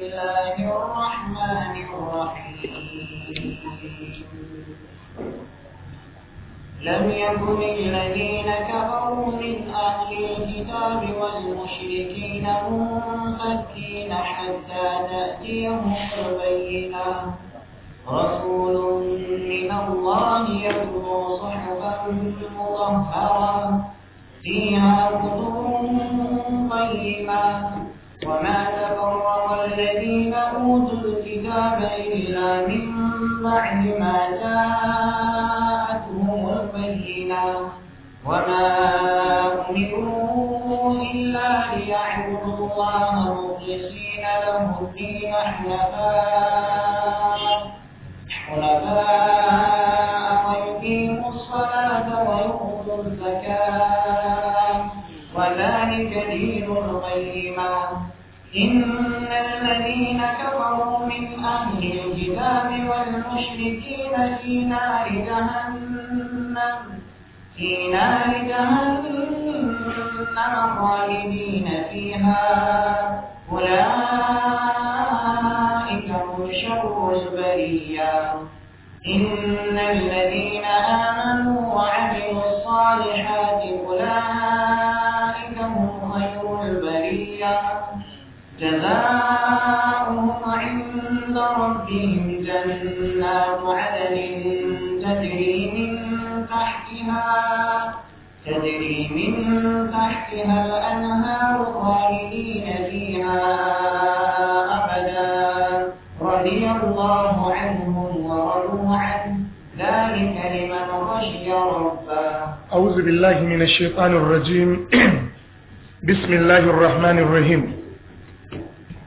الله الرحمن الرحيم لم يكن الذين كفروا من أهل الكتاب والمشركين منفكين حتى تأتيهم البينة رسول من الله يتلو صحبا مطهرا فيها كتب طيبة وما تفرق الذين أوتوا الكتاب إلا من بعد ما جاءتهم البينة وما أمروا إلا ليعبدوا الله مخلصين له الدين حنفاء حنفاء ويقيموا الصلاة ويؤتوا الزكاة وذلك دين القيمة إن الذين كفروا من أهل الكتاب والمشركين في نار جهنم في نار جهنم خالدين فيها أولئك هم شر البرية إن الذين آمنوا وعملوا الصالحات أولئك هم خير البرية جزاؤهم عند ربهم جنات عدن تجري من تحتها تجري من تحتها الأنهار خالدين فيها أبدا رضي الله عنهم ورضوا عنه ذلك لمن خشي ربه أعوذ بالله من الشيطان الرجيم بسم الله الرحمن الرحيم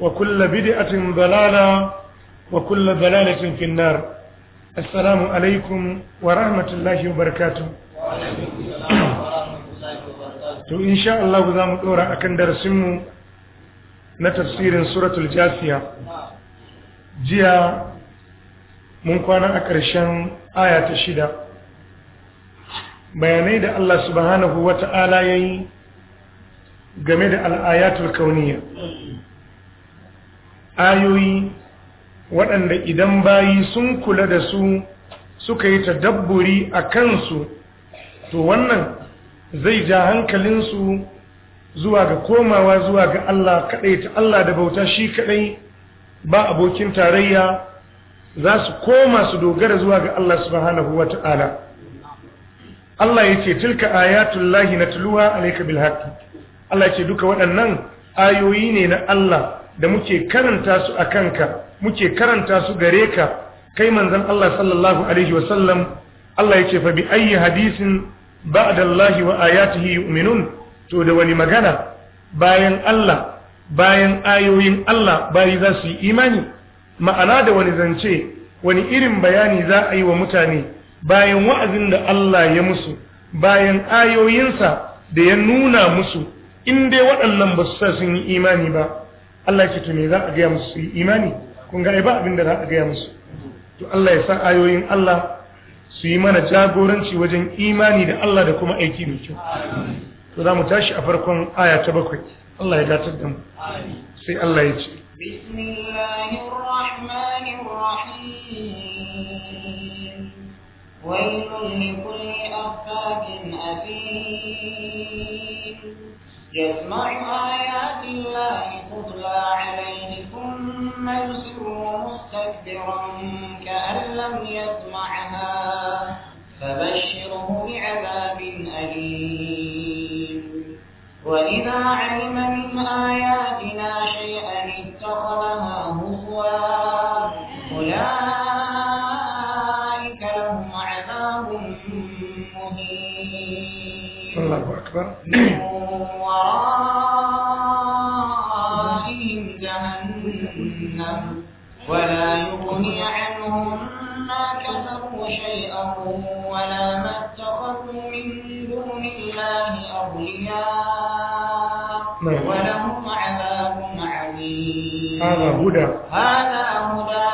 وكل بدعة ضلالة وكل ضلالة في النار alaikum wa rahmatullahi الله وبركاته to insha Allah za mu kan darasin mu na tafsirin suratul jasiya jiya mun kwana a ƙarshen aya ta shida bayanai da Allah subhanahu wata'ala yayi game da al'ayatul kauniyya ayoyi waɗanda idan bayi sun kula da su suka yi tadabburi a kansu to wannan zai ja hankalinsu zuwa ga komawa zuwa ga Allah kaɗai ta Allah da bauta shi kaɗai ba abokin tarayya za su koma su dogara zuwa ga Allah subhanahu wa ta'ala Allah ya ce tilka ayatullahi na tuluwa alaika bilhaki Allah ya ce duka waɗannan ayoyi ne na Allah da muke karanta su a kanka muke karanta su gare ka kai manzon Allah sallallahu alaihi wasallam Allah yace fa bi ayi hadisin ba'da Allah wa ayatihi yu'minun to da wani magana bayan Allah bayan ayoyin Allah bayi za su yi imani ma'ana da wani zance wani irin bayani za a yi wa mutane bayan wa'azin da Allah ya musu bayan ayoyinsa da ya nuna musu in dai waɗannan ba su sa sun yi imani ba Allah ce to me za a gaya musu su yi imani kun ga ba abin da za a gaya musu to Allah ya sa ayoyin Allah su yi mana jagoranci wajen imani da Allah da kuma aiki mai kyau to za mu tashi a farkon aya ta bakwai Allah ya datar da mu sai Allah ya ce bismillahir rahmanir rahim waylun يسمع آيات الله تتلى عليه ثم يصر مستكبرا كأن لم يسمعها فبشره بعذاب أليم وإذا علم من آياتنا شيئا اتخذها هزوا أولئك لهم عذاب مهين الله أكبر ورائهم جهنم ولا يغني عنهم ما كسبوا شيئا ولا ما اتخذوا من دون الله أولياء نعم. ولهم عذاب عظيم هذا هدى هذا هدى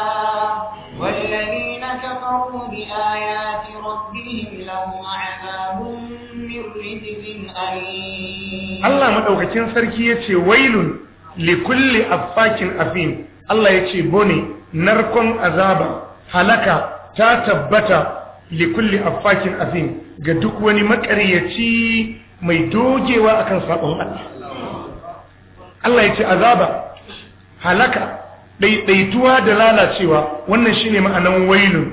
Allah madaukakin sarki yace wailun likulli affakin afin Allah yace bone narkon azaba halaka ta tabbata likulli affakin afin ga duk wani makaryaci mai dogewa akan sabon Allah Allah yace azaba halaka daidaituwa da lalacewa wannan shine ma'anan wailun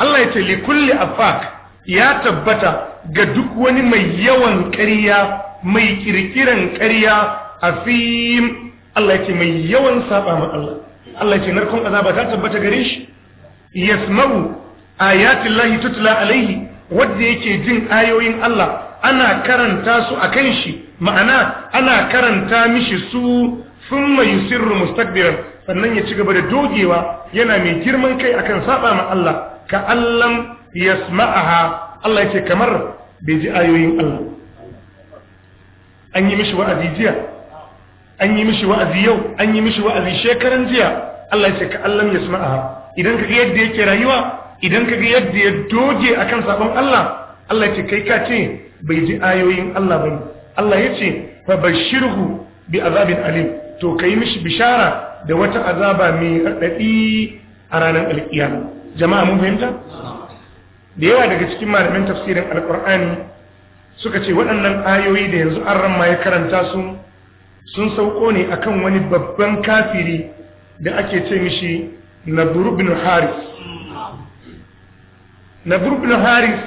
Allah yace likulli affak ya tabbata ga duk wani mai yawan ƙarya mai kirkiran ƙarya a fim. Allah ya ce mai yawan saba ma Allah Allah ya ce narkon azaba ta tabbata gare shi yasma'u ayatullahi lahi tutla alaihi wanda yake jin ayoyin Allah ana karanta su a shi ma'ana ana karanta mishi su sun mai sirru mustakbiran sannan ya ci gaba da dogewa yana mai girman kai akan saba ma Allah ka allam yasma'aha Allah yake kamar bai ji ayoyin Allah an yi mishi wa'azi jiya an yi mishi wa'azi yau an yi mishi wa'azi shekaran jiya Allah ya ce ka Allah ya idan kaga yadda yake rayuwa idan kaga yadda ya doge akan sabon Allah Allah ya ce kai ka ce bai ji ayoyin Allah ba Allah ya ce fa bashirhu bi azabin alim to kai mishi bishara da wata azaba mai raɗaɗi a ranar alkiyama jama'a mun fahimta da yawa daga cikin malamin tafsirin alqur'ani suka ce waɗannan ayoyi da yanzu an ramma ya karanta su sun sauko ne akan wani babban kafiri da ake ce mishi naburbin haris naburbin haris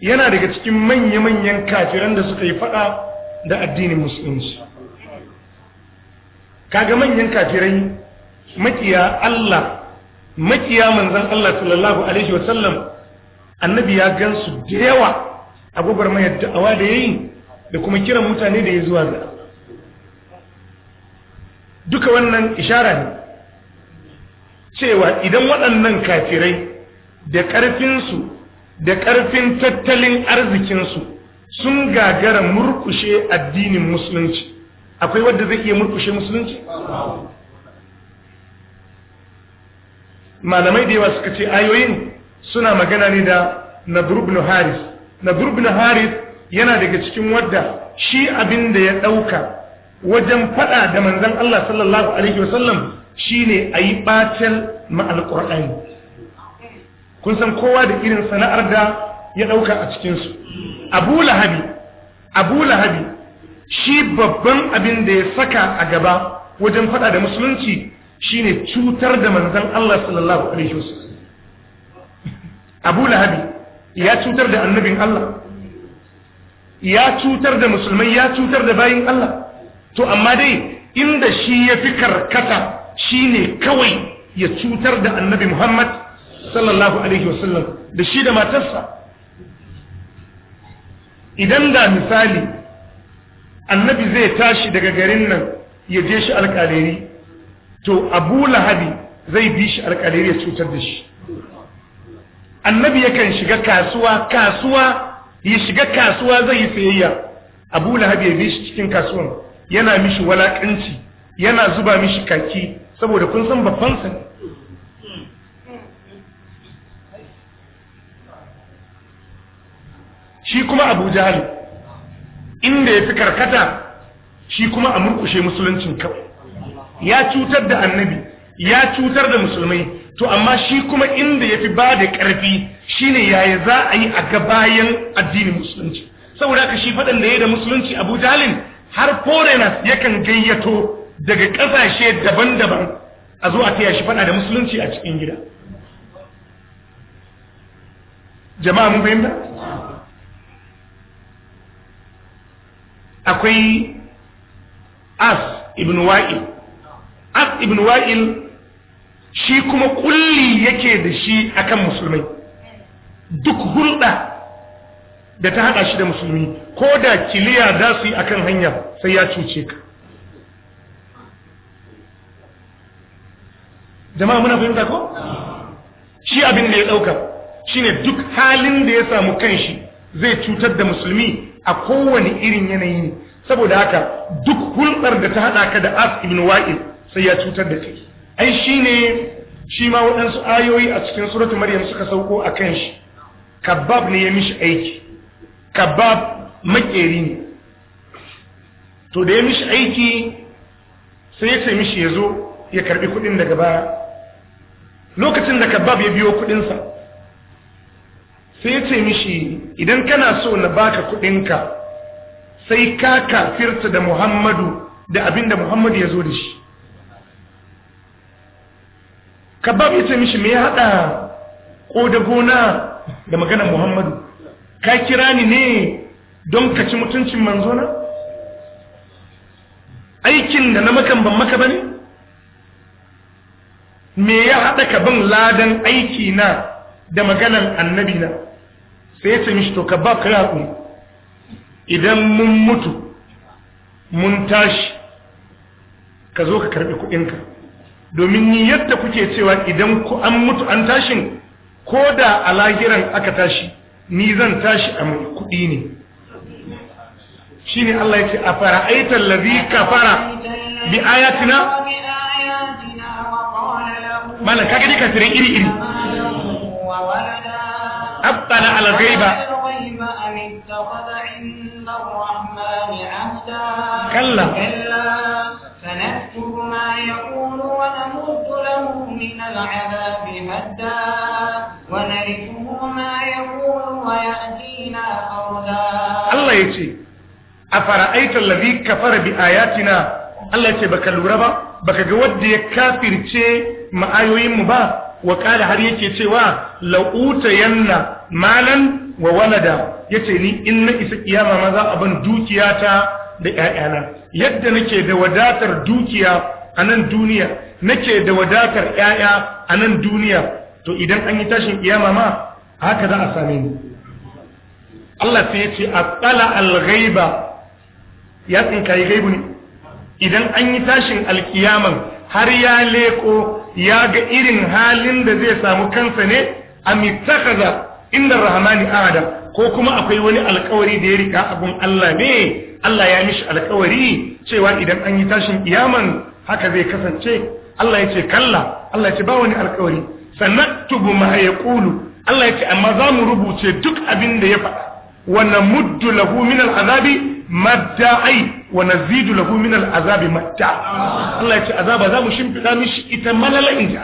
yana daga cikin manya-manyan kafiran da suka yi fada da addinin musulunci kaga manyan kafirai makiya Allah makiya manzan Allah sallallahu alaihi wasallam annabi ya gansu da yawa a mai da'awa da yayi da kuma kiran mutane da ya zuwa ga duka wannan ishara ne cewa idan waɗannan kafirai da ƙarfinsu da ƙarfin tattalin arzikinsu sun gagara murkushe addinin musulunci akwai wadda zai iya murkushe musulunci? malamai da yawa suka ce ayoyin suna magana ne da nabrubnu haris nadr ibn harith yana daga cikin wadda shi abin da ya ɗauka wajen faɗa da manzan Allah sallallahu alaihi wasallam shine ayi batal ma kun san kowa da irin sana'ar da ya ɗauka a cikin su abu lahabi abu lahabi shi babban abin da ya saka a gaba wajen faɗa da musulunci shine cutar da manzan Allah sallallahu alaihi wasallam abu lahabi ya cutar da annabin Allah ya cutar da musulmai ya cutar da bayin Allah to amma dai inda shi ya fi karkata shine kawai ya cutar da annabi Muhammad sallallahu alaihi wasallam da shi da matarsa idan da misali annabi zai tashi daga garin nan ya je shi alƙaleri to abu lahabi zai bi shi alƙaleri ya cutar da shi annabi yakan shiga kasuwa kasuwa ya shiga kasuwa zai yi sayayya abu lahab ya bi shi cikin kasuwan yana mishi walakanci yana zuba mishi kaki saboda kun san babban sa shi kuma abu jahal inda ya fi karkata shi kuma a murkushe musuluncin kawai ya cutar da annabi ya cutar da musulmai to amma shi kuma inda yafi ba da ƙarfi shine yaya za a yi a ga bayan addinin musulunci saboda haka shi faɗin da ya da musulunci abu jalin har foreigners yakan gayyato daga ƙasashe daban-daban a zo a taya shi faɗa da musulunci a cikin gida jama'a mun fahimta akwai as ibn wa'il as ibn wa'il shi kuma kulli yake da shi akan musulmai duk hulɗa da ta haɗa shi da musulmi ko da kiliya za su yi akan hanya sai ya cuce ka jama'a muna fahimta ko shi abin da ya ɗauka shi ne duk halin da ya samu kanshi zai cutar da musulmi a kowane irin yanayi saboda haka duk hulɗar da ta haɗa ka da as ibn wa'il sai ya cutar da kai ai shi ne shi ma waɗansu ayoyi a cikin suratu maryam suka sauko a kan shi kabab ne ya mishi aiki kabab makeri ne to da ya mishi aiki sai ya ce mishi ya zo ya karbi kudin daga baya lokacin da kabab ya biyo kudinsa sai ya ce mishi idan kana so na baka kudinka sai ka kafirta da muhammadu da abinda muhammadu ya zo da shi kabab ya ce mishi me ya haɗa ko gona da maganar muhammadu ka kira ni ne don ka ci mutuncin manzona aikin da na makan ban maka ba ne me ya haɗa ka ban ladan aiki na da maganan annabi na sai ya ce mishi to ka ba ka haƙuri idan mun mutu mun tashi ka zo ka karɓi kuɗinka domin ni yadda kuke cewa idan ku an mutu an tashin ko da a lahiran aka tashi ni zan tashi a mai kuɗi ne Shin Allah ya ce a fara'aita allazi kafara bi ayatina malan kaga dai kafirin iri iri abtala ala ghaiba kalla سنكتب ما يقول ونمد له من العذاب مدا ونرثه ما يقول ويأتينا فردا الله يجي أفرأيت الذي كفر بآياتنا الله يجي بك الوربا بك قود يكافر تي ما أيوين مبا وقال هل يجي تيوا لو أوتينا مالا وولدا يجي إن إسا قياما ماذا أبن دوكياتا da ‘ya'yana yadda nake da wadatar dukiya a nan duniya nake da wadatar ‘ya'ya a nan duniya to idan an yi tashin kiyama ma haka za a same ni Allah sai ya ce a tsala ghaiba ya tsinkayi gaibu ne idan an yi tashin alkiyaman har ya leko ya ga irin halin da zai samu kansa ne a inna inda rahmani adam ko kuma akwai wani alkawari da ya rika abun Allah ne Allah ya mishi alkawari cewa idan an yi tashin kiyaman haka zai kasance Allah ya ce kalla Allah ya ce ba wani alkawari sanaktubu ma yaqulu Allah ya ce amma za mu rubuce duk abin da ya faɗa wa muddu lahu min al'azabi madda'ai wa zidu lahu min al'azabi madda Allah ya ce azaba za mu shimfida mishi ita malala inja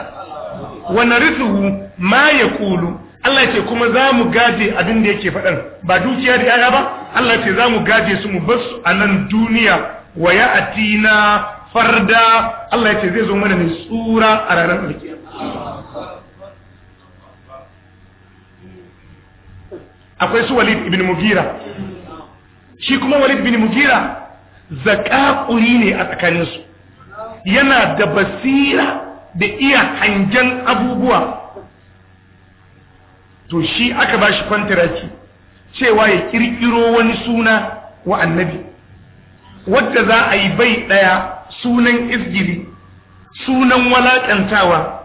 wa narithu ma yaqulu Allah ce kuma za mu gaje abin da yake faɗan ba dukiya da yaya ba Allah ce za mu gaje su mu bas a nan duniya wa ya atina farda Allah ce zai zo mana mai tsura a ranar alkiyar akwai su walid ibn mugira shi kuma walid ibn mugira zakakuri ne a tsakaninsu yana da basira da iya hangen abubuwa to shi aka ba shi kwantaraki cewa ya kirkiro wani suna wa annabi wadda za a yi bai daya sunan isgiri sunan walakantawa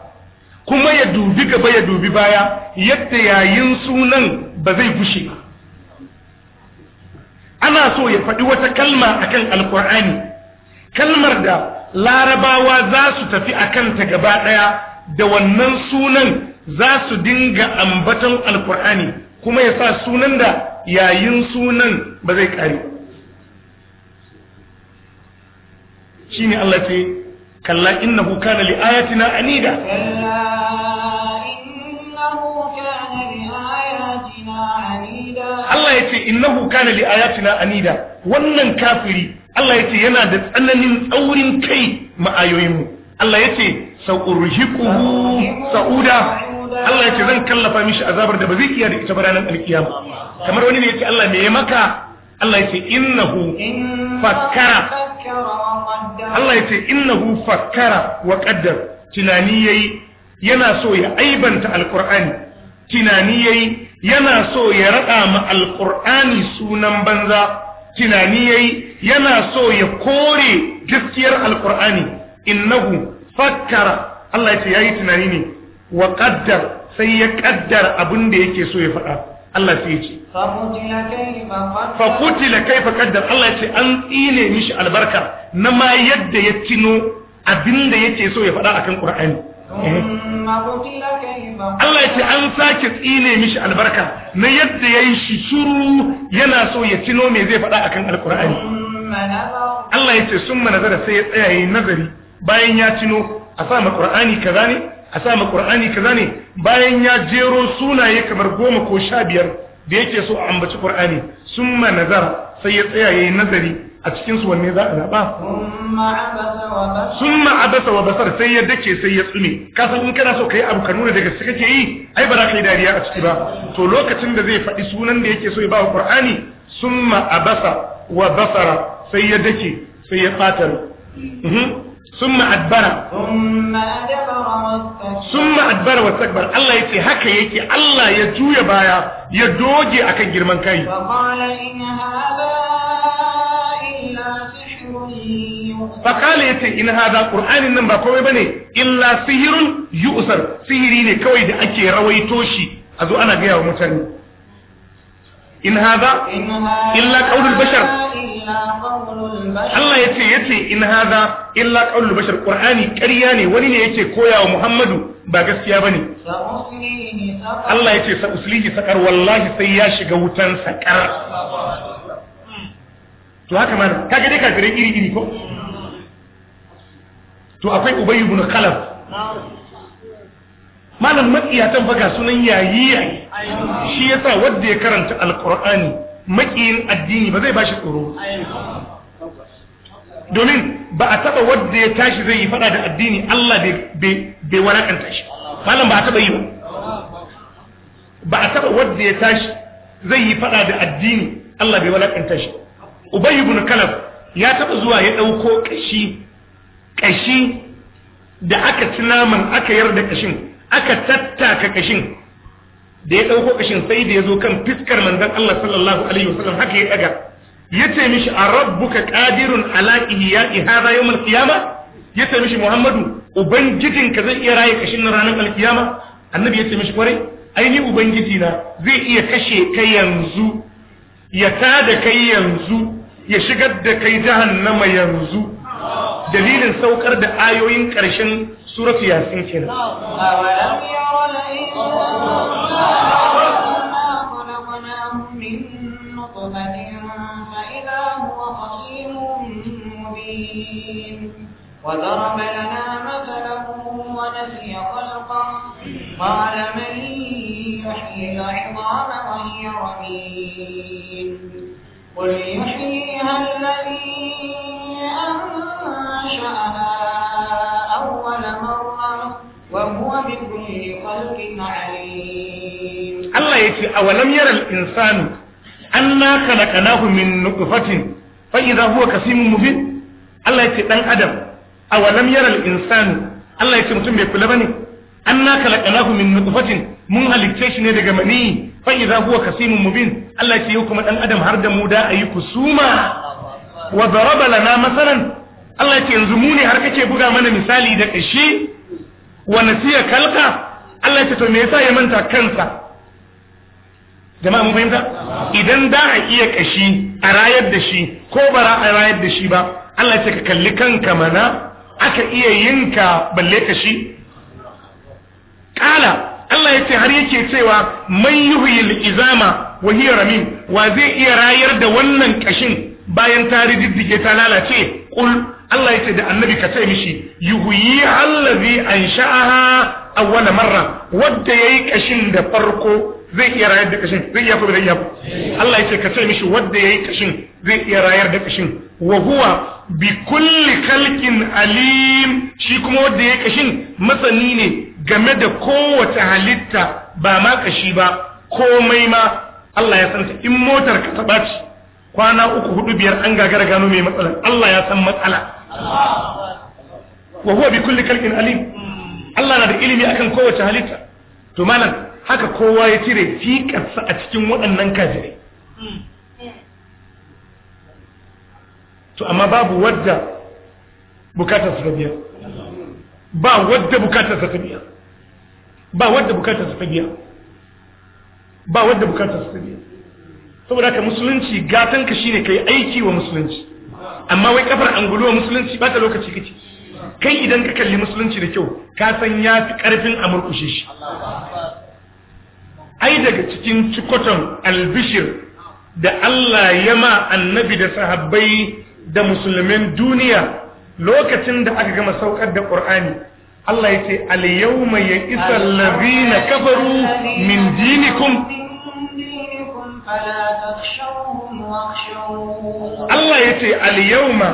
kuma ya dubi gaba ya dubi baya yadda yayin sunan ba zai bushe. ba ana so ya faɗi wata kalma akan alkur'ani kalmar da larabawa za su tafi a kanta gaba ɗaya da wannan sunan za su dinga ambaton alkur'ani kuma ya sa sunan da yayin sunan ba zai kare shi ne Allah ce kalla innahu kana li ayatina anida Allah ya ce innahu kana li ayatina anida wannan kafiri Allah ya ce yana da tsananin tsaurin kai ma'ayoyinmu Allah ya ce sa'urhiquhu sa'uda Allah ya ce zan kallafa mishi azabar da ba zai iya da ita ba ranar alkiyama kamar wani ne ya ce Allah me ya maka Allah ya ce innahu fakkara Allah ya ce innahu fakkara wa qaddar tunani yayi yana so ya aibanta alqur'ani tunani yayi yana so ya rada ma alqur'ani sunan banza tunani yayi yana so ya kore gaskiyar alqur'ani innahu fakkara Allah ya ce yayi tunani ne wa qaddar sai ya kaddar abin da yake so ya faɗa Allah sai ya ce fa kutila kaifa qaddar Allah ya ce an tsine mishi albarka na ma yadda ya tino abin da yake so ya faɗa akan Qur'ani eh. Allah ya ce an sake tsine mishi albarka na yadda yayi shi shiru yana so ya tino me zai faɗa akan Alƙur'ani Allah ya ce sun manazara sai ya tsaya yi nazari bayan ya tino a sa ma Qur'ani kaza ne a sa qur'ani kaza ne bayan ya jero sunaye kamar goma ko sha biyar da yake so a ambaci qur'ani ma nazar sai ya tsaya ya yi nazari a cikin wanne za a Sun ma abasa wa basar sai ya dake sai ya tsume kasan in kana so ka yi abu ka nuna daga gaske kake yi ai ba za ka yi dariya a ciki ba to lokacin da zai faɗi sunan da yake so ya ba wa qur'ani ma abasa wa basara sai ya dake sai ya fatar mhm. ثم أدبر ثم أدبر واستكبر الله يتي هكا يتي الله يجوي بايا يدوجي أكا جرمان كاي فقال إن هذا إلا سحر فقال يتي إن هذا قرآن النمبر قوي بني إلا سحر يؤثر سحريني كوي دي أكي روي توشي أزو أنا قيا ومتاني إن هذا إلا قول البشر Allah ya ce ya ce in haza illa ƙaunar bashar ƙwar'ani ƙarya ne wani ne yake koya wa Muhammadu ba gaskiya ba ne. Allah ya ce sa'uslihi saƙar wallahi sai ya shiga wutan saƙar. To haka mana, kaga dai kafirai iri-iri ko? To akwai Ubayi ibn Kalab. Malam matsiyatan faga sunan yayi yayi. Shi ya sa wanda ya karanta Alƙur'ani makiyin addini ba zai bashi tsoro domin ba a taba wadda ya tashi zai yi fada da addini Allah bai walakanta shi malam ba a taba yi ba ba a taba wadda ya tashi zai yi fada da addini Allah bai walakanta shi ubayy ibn kalaf ya taba zuwa ya dauko kashi kashi da aka ci naman aka yarda kashin aka tattaka kashin da ya ɗauko ƙashin sai da ya zo kan fiskar manzon Allah sallallahu alaihi wasallam haka ya ɗaga ya ce mishi a rabbuka ƙadirun ala ihya'i hadha yawm al-qiyama ya ce mishi Muhammadu ubangijinka zai iya raye kashin na ranar alkiyama annabi ya ce mishi kwarai aini ubangiji na zai iya kashe ka yanzu ya tada kai yanzu ya shigar da kai jahannama yanzu dalilin saukar da ayoyin ƙarshen suratu yasin kenan وضرب لنا مثله ونسي خلقه قال من يحيي العظام وهي رميم قل يحييها الذي أنشأها أول مرة وهو بكل خلق عليم الله يتي أولم يرى الإنسان أنا خلقناه من نطفة فإذا هو كسيم مبين Allah ya ce ɗan adam, a walam insanu, Allah ya ce mutum bai kula ba ne, an naka laƙa min nutfatin mun halicce shi ne daga maniyi Fa'iza huwa khasimun mubin Allah ce yi kuma dan adam har da mu da ayi kusuma wa daraba na masalan Allah ce yanzu mu ne har kake buga mana misali da kashi wa nasiya kalka Allah ce to me yasa ya manta kansa jama'a mun fahimta idan da a iya kashi a rayar da shi ko bara a rayar da shi ba Allah ce ka kalli kanka mana aka iya yinka balle kashi kala Allah ya ce har yake cewa man yuhyil izama wa hiya ramin wa zai iya rayar da wannan kashin bayan ta riddige ta lalace kul Allah ya ce da annabi ka ce mishi yuhyi allazi ansha'aha awwala marra wanda yayi kashin da farko zai iya rayar da kashin zai iya ko bai iya Allah ya ce ka ce mishi wanda yayi kashin zai iya rayar da kashin wa huwa bi kulli khalqin alim shi kuma wanda yayi kashin masani ne game da kowace halitta ba ma kashi ba komai ma Allah ya ta in motar ka taɓa ci kwana uku hudu biyar an gagara gano mai matsalar Allah ya san matsala wa huwa bi kulli kalkin alim Allah na da ilimi akan kowace halitta to malam haka kowa ya cire fikarsa a cikin waɗannan kafirai to amma babu wadda bukatarsa ta ba wadda bukatarsa ta ba wadda bukatar su ta ba wadda bukatar su ta saboda ka musulunci gatan ka shine kai aiki wa musulunci amma wai kafar wa musulunci ba ta lokaci kace kai idan ka kalli musulunci da kyau ka san ya fi karfin a murkushe shi ai daga cikin cikoton albishir da Allah ya ma annabi da sahabbai da musulmin duniya lokacin da aka gama saukar da ƙur'ani Allah ya ce al-yawma ya'isa allazina kafaru min dinikum Allah ya ce al-yawma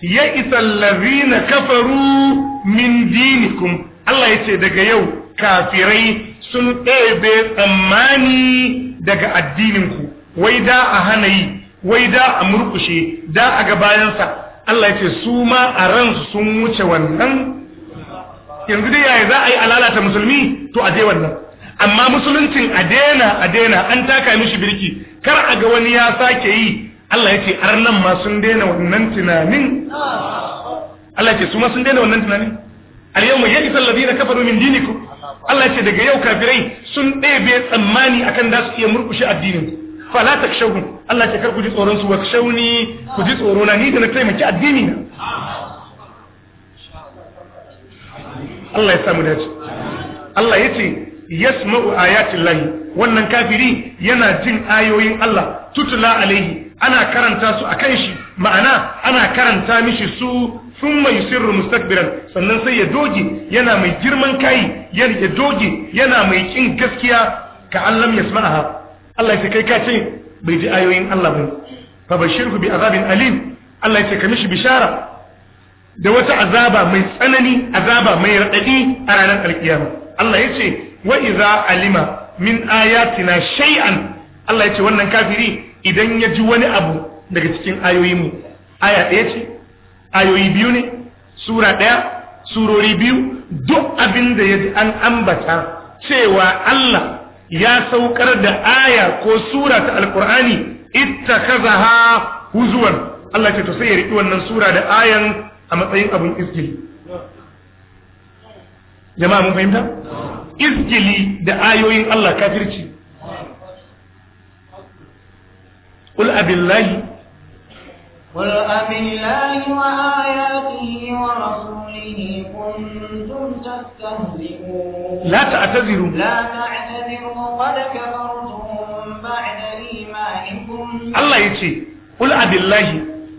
ya'isa allazina kafaru min dinikum Allah ya ce daga yau kafirai sun ɗebe tsammani daga addininku wai da a hana yi wai da a murkushe da a gabayansa Allah ya ce su ma a ransu sun wuce wannan yanzu dai yaya za a yi alalata musulmi to a je wannan amma musuluncin a daina a daina an taka mishi birki kar a ga wani ya sake yi Allah ya ce arnan ma sun daina wannan tunanin Allah ya ce su ma sun daina wannan tunanin al-yawma ya'isa alladhina kafaru min dinikum Allah ya ce daga yau kafirai sun ɗebe tsammani akan da su iya murkushe addinin fala takshawun Allah ya ce kar ku ji tsoron su wa ku ji tsoro na ni da na taimaki addini na Allah ya samu dace Allah ya yace yasma'u ayati llahi wannan kafiri yana jin ayoyin Allah tutula alaihi ana karanta su kan shi ma'ana ana karanta mishi su thumma yusirru mustakbiran sannan sai ya doge yana mai girman kai ya doge yana mai kin gaskiya ka allam yasma'aha Allah yace kai ka ce bai ji ayoyin Allah ba fa bashirhu bi azabin alim Allah ce ka mishi bishara da wata azaba mai tsanani azaba mai raɗaɗi a ranar alkiyama Allah ya ce wa iza alima min ayatina shay'an Allah ya ce wannan kafiri idan ya ji wani abu daga cikin ayoyin mu aya ɗaya ce ayoyi biyu ne sura ɗaya surori biyu duk abin da ya ji an ambata cewa Allah ya saukar da aya ko sura ta alkur'ani ittakazaha huzuwan Allah ce to sai ya riƙi wannan sura da ayan a matsayin abin iskili jama'a mun fahimta iskili da ayoyin Allah kafirci قل أب الله قل أب الله وآياته ورسوله كنتم تستهزئون لا تعتذروا لا تعتذروا قد كفرتم بعد إيمانكم الله يتي قل أب الله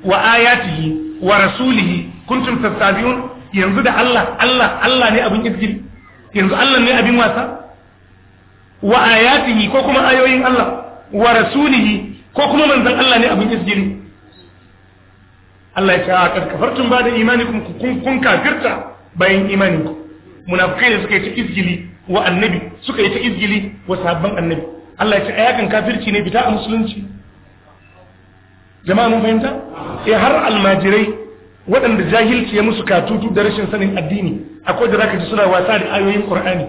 وآياته ورسوله kuntum tastabiun yanzu da Allah Allah Allah ne abin izgil yanzu Allah ne abin wasa wa ayatihi ko kuma ayoyin Allah wa rasulihi ko kuma manzon Allah ne abin izgil Allah ya ce a kad kafartum ba da imanikum kun kun kafirta bayan imaninku munafikai da suka yi ta izgili wa annabi suka yi ta izgili wa sahabban annabi Allah ya ce ayakan kafirci ne bita a musulunci jama'a mun fahimta eh har almajirai waɗanda jahilci ya musu katutu da rashin sanin addini akwai da zaka ji suna wasa da ayoyin qur'ani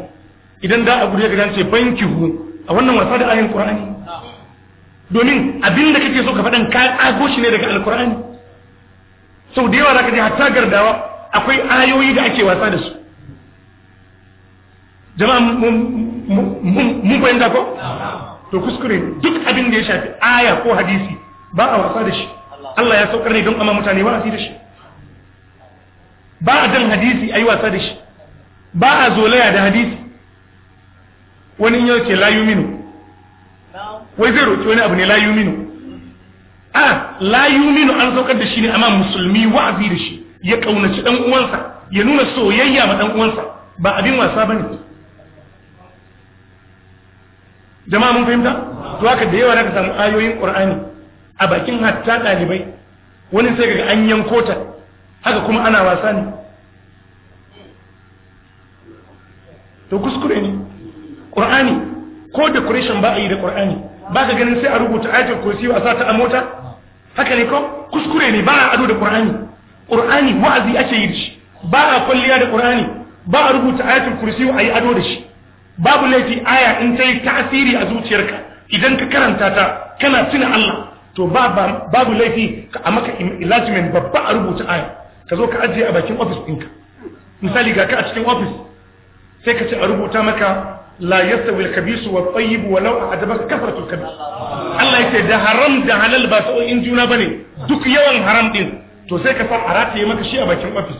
idan da abu ya ga ce hu, a wannan wasa da ayoyin qur'ani domin abin da kake so ka faɗan ka tsago shi ne daga alqur'ani sau da yawa zaka ji hatta gardawa akwai ayoyi da ake wasa da su jama'a mun fahimta ko to kuskure duk abin da ya shafi aya ko hadisi ba a wasa da shi Allah ya saukar ne don amma mutane ba a da shi ba a jan hadisi a yi wasa da shi ba a zolaya da hadisi wani yau ce layu minu wai zai roƙi wani abu ne layu minu a layu minu an saukar da shi ne amma musulmi wa'azi da shi ya ƙaunaci ɗan uwansa ya nuna soyayya ma ɗan uwansa ba abin wasa ba ne jama'a mun fahimta to haka da yawa na ka samu ayoyin ƙur'ani a bakin hatta ɗalibai wani sai ga an yanko ta haka kuma ana wasa ne to kuskure ne ƙur'ani ko decoration ba a yi da ƙur'ani ba ka ganin sai a rubuta ayatul kursi a sata a mota haka ne ko kuskure ne ba a ado da ƙur'ani ƙur'ani wa'azi ake yi da shi ba a kwalliya da ƙur'ani ba a rubuta ayatul kursi a yi ado da shi babu laifi aya in ta yi tasiri a zuciyarka idan ka karanta ta kana tuna Allah to babu laifi a maka enlargement babba a rubuta aya ka zo ka ajiye a bakin ofis ɗinka misali ga ka a cikin ofis sai ka ce a rubuta maka la yastawi al-kabisu wa tayyibu wa law a'jabaka kasratu kabis Allah yake da haram da halal ba in juna bane duk yawan haram din to sai ka san a rataye maka shi a bakin ofis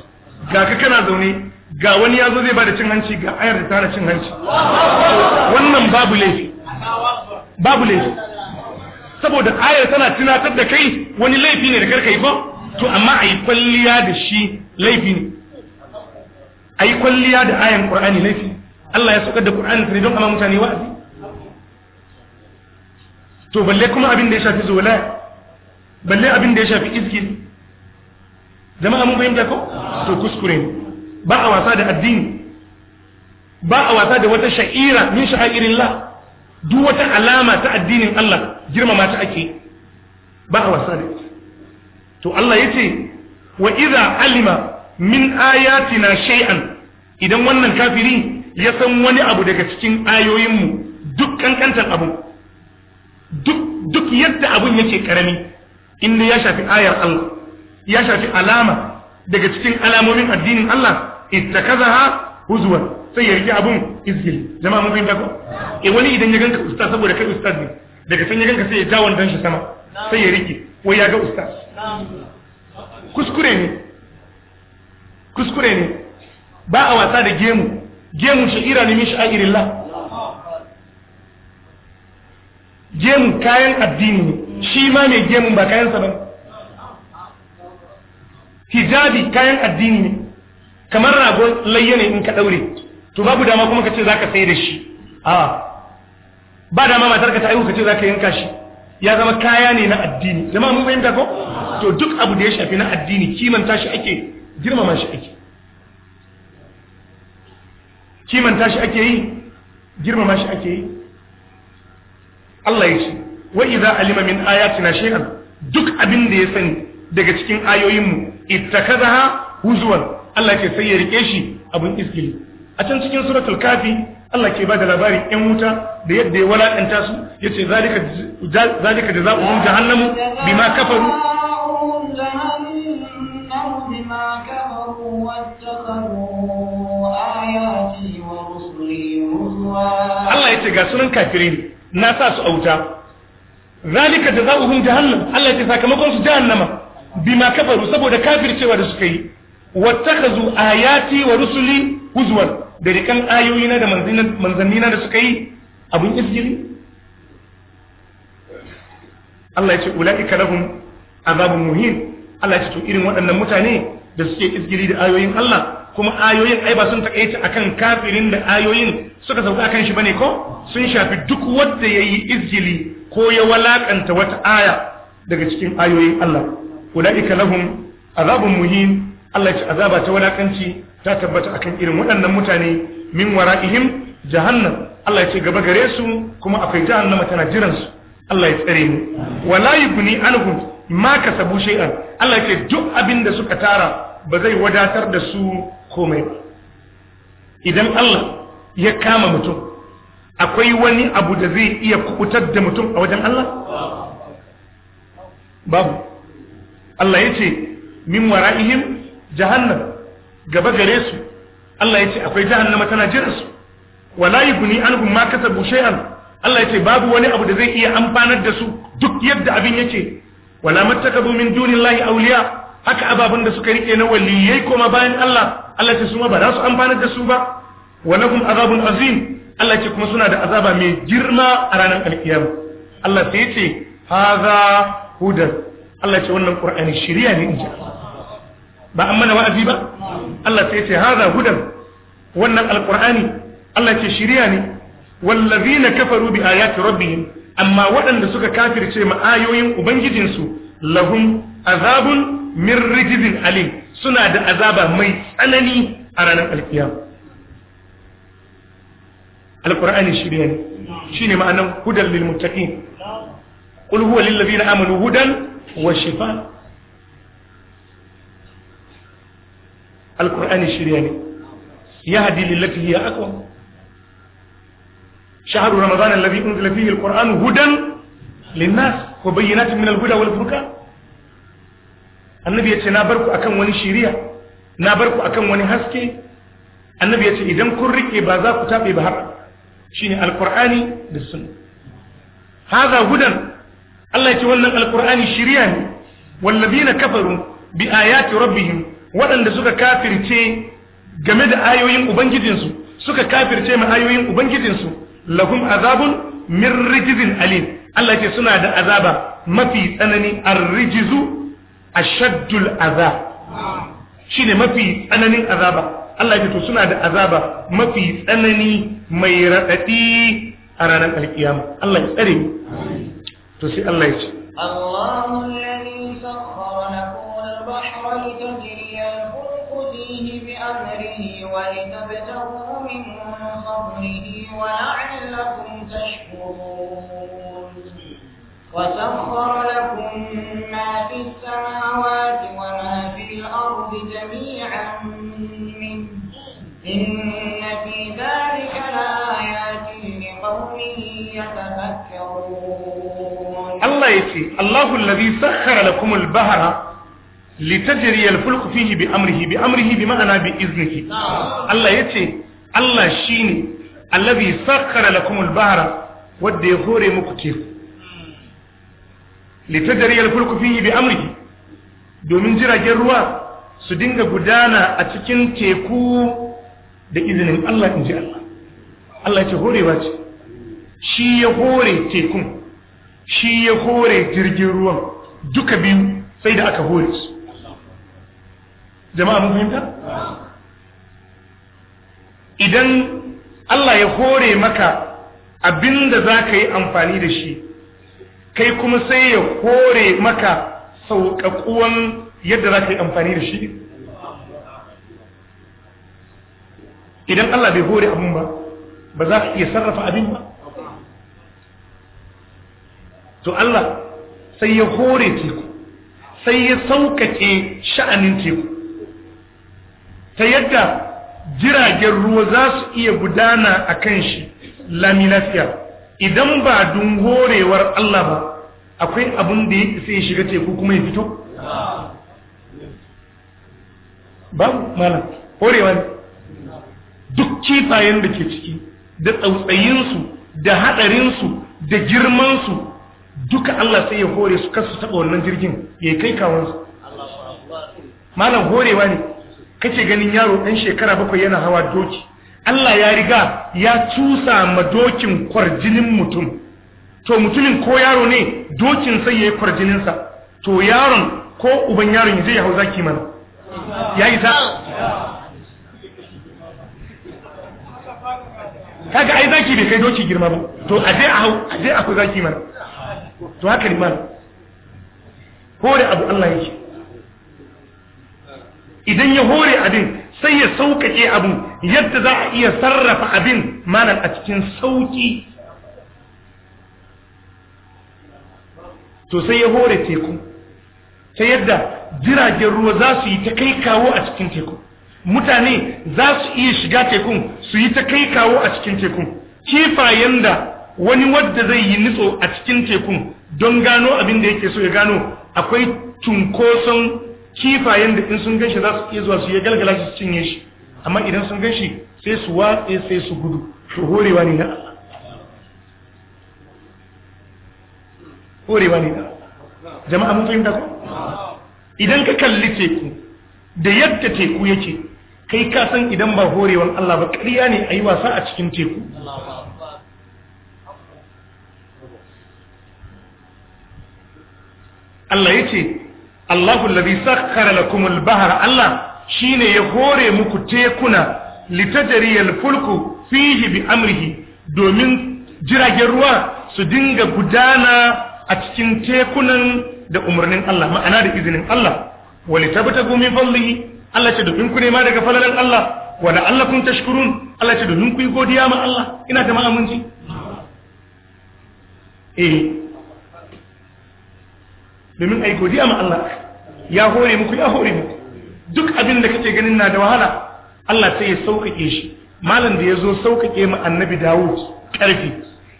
ga ka kana zaune ga wani yazo zai bada cin hanci ga ayar da tana cin hanci wannan babu laifi babu laifi saboda ayar tana tunatar da kai wani laifi ne da karka yi ba to amma a yi kwalliya da shi laifi ne a yi kwalliya da ayan ƙur'ani laifi Allah ya saukar da ƙur'ani sai don amma mutane wa'azi to balle kuma abin da ya shafi zola balle abin da ya shafi iskil jama'a mun fahimta ko to kuskure ba a wasa da addini ba a wasa da wata sha'ira min la duk wata alama ta addinin Allah girmama ta ake ba a wasa da to Allah ya ce wa idza alima min ayatina shay'an idan wannan kafiri ya san wani abu daga cikin ayoyinmu duk kankantar abu duk duk yadda abun yake karami inda ya shafi ayar Allah ya shafi alama daga cikin alamomin addinin Allah ittakazaha huzwan sai ya rike abun izgil jama'a mun fahimta ko E wani idan ya ganka ustaz saboda kai ustaz ne daga san ya ganka sai ya ja wandan shi sama sai ya rike wai ya ga ustaz kuskure ne kuskure ne ba a wasa da gemu gemu sha'ira ne min sha'irillah gemu kayan addini ne shi ma mai gemun ba kayansa ba hijabi kayan addini ne kamar ragon layya ne in ka daure to babu dama kuma ka ce za ka sai da shi ba dama matar ka ta aiwu ka ce za ka yanka shi ya zama kaya ne na addini zama mun fahimta ko to duk abu da ya shafi na addini kimanta shi ake girmama shi ake kimanta shi ake yi girmama shi ake yi Allah ya ce wa idza alima min ayatina shay'an duk abin da ya sani daga cikin ayoyinmu ittakazaha huzwan Allah ya ce sai ya rike shi abun iskili a can cikin suratul kafi Allah ke ba da labarin ‘yan wuta da yadda ya wala’anta su ya ce za ka da za’uwan jahannamu bi ma kafaru. Allah ya ce ga sunan kafirin na sa su auta. Zalika da za’uwan jahannamu, Allah ya ce sakamakon su jahannama bi kafaru saboda kafircewa da suka yi. Wata ka zo a yati wa Rusuli huzuwar. da rikan ayoyi na da manzanni na da suka yi abun isjiri Allah ya ce ulai kalahum azabun muhin Allah ya ce to irin waɗannan mutane da suke isjiri da ayoyin Allah kuma ayoyin ai ba sun takaice akan kafirin da ayoyin suka sauka akan shi bane ko sun shafi duk wanda yayi isjili ko ya walakanta wata aya daga cikin ayoyin Allah ulai kalahum azabun muhin Allah ya ce azaba ta walakanci ta tabbata akan irin waɗannan mutane min wara'ihim jahannam Allah ya ce gaba gare su kuma akwai jahannama tana jiran su Allah ya tsare mu wala yubni anhum ma kasabu shay'an Allah ya ce duk abin da suka tara ba zai wadatar da su komai ba idan Allah ya kama mutum akwai wani abu da zai iya kubutar da mutum a wajen Allah babu Allah ya ce min wara'ihim jahannam gaba gare su Allah ya ce akwai jahannama tana jira su wala yughni anhum ma kasabu shay'an Allah ya ce babu wani abu da zai iya amfanar da su duk yadda abin yake wala mattakabu min dunillahi awliya haka ababan da suka rike na waliyai kuma bayan Allah Allah ya ce su ma ba za su amfanar da su ba walahum azabun azim Allah ce kuma suna da azaba mai girma a ranar alkiyama Allah sai ya ce haza hudan Allah ce wannan qur'ani shiri'a ne in ji Allah ba an mana wa'azi ba Allah sai ce haza hudan wannan alqur'ani Allah ce shiriya ne wallazina kafaru bi ayati rabbihim amma waɗanda suka kafirce ma ayoyin ubangijinsu lahum azabun min rijzin alim suna da azaba mai tsanani a ranar alkiyama alqur'ani shiriya ne shine ma'anar hudan lil muttaqin qul huwa lil ladina amanu hudan wa shifa alkur'ani shirya ne ya hadi lillati hiya aqwa shahru ramadan alladhi unzila fihi alquran hudan linnas wa bayyinatin min alhuda wal furqan annabi yace na barku akan wani shiriya na barku akan wani haske annabi yace idan kun rike ba za ku tabe ba har shine alqur'ani da sunna hadha hudan Allah yace wannan alqur'ani shiriya ne wallazina kafaru bi ayati rabbihim waɗanda suka kafirce game da ayoyin ubangijinsu suka kafirce ma ayoyin ubangijinsu lahum azabun min rijizin alim Allah ce suna da azaba mafi tsanani ar-rijizu ashaddul azab shine mafi tsananin azaba Allah ce to suna da azaba mafi tsanani mai radadi a ranar alkiyama Allah ya tsare to sai Allah ya ce Allahu ولتبتغوا من فضله ولعلكم تشكرون وسخر لكم ما في السماوات وما في الأرض جميعا منه إن في ذلك لآيات لقوم يتفكرون الله يتي الله الذي سخر لكم البحر litajri al-fulku fihi bi amrihi bi amrihi bi ma'ana bi iznihi Allah yace Allah shine allazi sakkara lakum al-bahra wadda ya hore muku teku litajri al-fulku fihi bi amrihi domin jiragen ruwa su dinga gudana a cikin teku da izinin Allah inji Allah Allah ce horewa ce shi ya hore tekun shi ya hore jirgin ruwan duka biyu sai da aka hore su jama'a mun fahimta idan Allah ya hore maka abinda za ka yi amfani da shi kai kuma sai ya hore maka sauƙaƙuwan yadda za ka yi amfani da shi idan Allah bai hore abin ba ba za ka iya sarrafa abin ba to Allah sai ya hore teku sai ya sauƙaƙe sha'anin teku ta yadda jiragen ruwa za su iya gudana a kan shi lami lafiya idan ba dun horewar Allah ba akwai abin da ya sai shiga teku kuma ya fito babu malam horewa ne duk kifayen da ke ciki da tsautsayinsu da hadarinsu da girmansu duka Allah sai ya hore su kasu taɓa wannan jirgin ya kai kawansu malam horewa ne kake ganin yaro ɗan shekara bakwai yana hawa doki Allah ya riga ya cusa ma dokin kwarjinin mutum to mutumin ko yaro ne dokin sai yayi kwarjininsa to yaron ko uban yaron ya hau zaki mana yayi ta kaga ai zaki bai kai doki girma ba to a je a hau a a ku zaki mana to haka ne mana ko da abu Allah yake idan ya hore abin sai ya sauƙaƙe abu yadda za a iya sarrafa abin mana a cikin sauƙi to sai ya hore teku ta yadda jiragen ruwa za su yi ta kai kawo a cikin teku mutane za su iya shiga tekun su yi ta kai kawo a cikin tekun kifayen da wani wadda zai yi nitso a cikin tekun don gano abin da yake so ya gano akwai cunkoson kifayen da in sun ganshi za su iya zuwa su ya galgala su cinye shi amma idan sun ganshi sai su watse sai su gudu to horewa ne na horewa ne na jama'a mun fahimta ko idan ka kalli teku da yadda teku yake kai ka san idan ba horewan Allah ba ƙarya ne a yi wasa a cikin teku Allah ya ce Allahu alladhi sakhkhara lakum al-bahra Allah ne ya hore muku tekuna litajri al-fulku fihi bi amrihi domin jiragen ruwa su dinga gudana a cikin tekunan da umarnin Allah ma'ana da izinin Allah walitabtagu min fadlihi Allah ce domin ku nema daga falalan Allah wani Allah kun tashkurun Allah ce domin ku yi godiya ma Allah ina da ma'amunci domin ai godiya ma Allah ya hore muku ya hore muku duk abin da kake ganin na da wahala Allah sai ya sauƙaƙe shi malam da ya zo sauƙaƙe ma annabi Dawud ƙarfi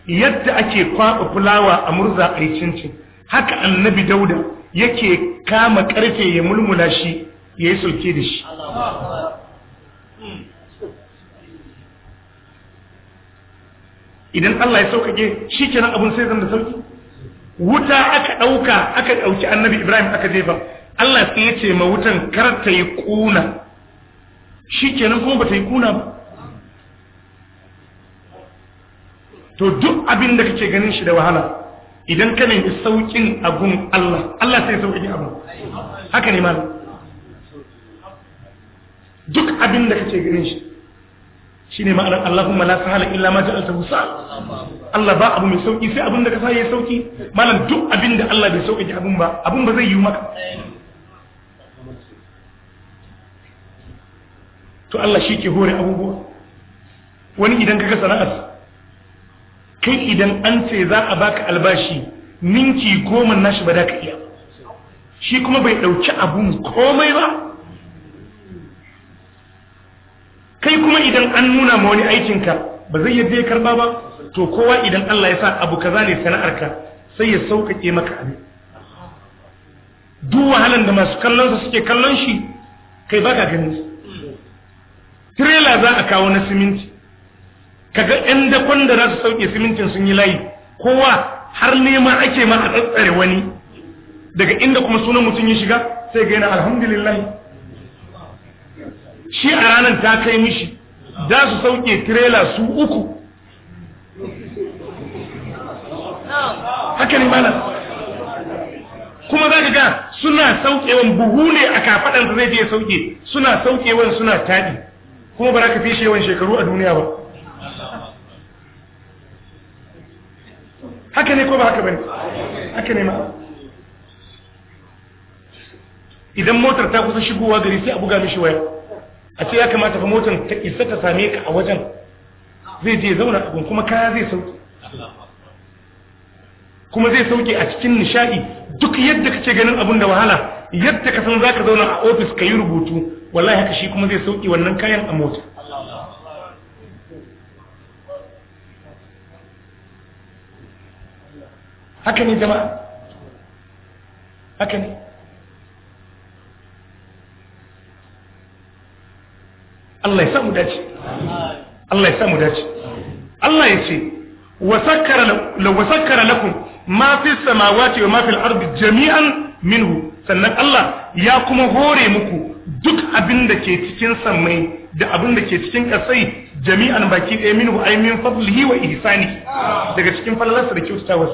yadda ake kwaba fulawa a murza a cincin haka annabi Dauda yake kama karfe ya mulmula shi ya yi sulke da shi idan Allah ya sauƙaƙe shi kenan abin sai zan da sauƙi wuta aka ɗauka aka ɗauki annabi ibrahim aka jefa allah sai ya ce ma wutan kar ta yi kuna shi kenan kuma ba ta yi kuna ba to duk abin da kake ganin shi da wahala idan ka nemi saukin abun allah allah sai sauƙin abu. haka ne malam duk abin da kake ganin shi ne ma'anar Allahumma la sahala illa ma ja'alta husa Allah ba abu mai sauki sai abin da ka sa ya sauki malam duk abin da Allah bai sauki abin ba abin ba zai yi maka to Allah shi ke hore abubuwa wani idan kaga sana'ar kai idan an ce za a baka albashi minki goma nashi ba da ka iya shi kuma bai dauki abun komai ba kai kuma idan an nuna ma wani aikinka ba zai yadda ya karba ba to kowa idan Allah ya sa abu kaza ne sana'arka sai ya sauƙaƙe maka abin duk wahalan da masu kallon sa suke kallon shi kai baka ganin su tirela za a kawo na siminti kaga yan dakon da za su sauke simintin sun yi layi kowa har nema ake ma a tsatsare wani daga inda kuma sunan mutum ya shiga sai ga yana alhamdulillah shi a ranar ta kai mishi za su sauke tirela su uku haka ne mana kuma za ka ga suna saukewan buhu ne a da zai je sauke suna saukewan suna taɗi kuma ba za ka fi shi yawan shekaru a duniya ba haka ne ko ba haka bane haka ne ma idan motar ta kusa shigowa gari sai a buga mishi waya a ce ya kamata fa motar ta isa ta same ka a wajen zai je zauna abin kuma kaya zai sauki kuma zai sauke a cikin nishadi duk yadda kake ganin abun da wahala yadda ka san zaka zauna a office ka yi rubutu wallahi haka shi kuma zai sauki wannan kayan a mota haka ne jama'a haka ne Allah ya samu dace Allah ya samu dace Allah ya ce wa sakkara lakum ma fi samawati wa ma fil ardi jami'an minhu sannan Allah ya kuma hore muku duk abin da ke cikin sammai da abin da ke cikin kasai jami'an baki ɗaya minhu ay min fadlihi wa ihsani daga cikin falalarsa da kyautatawa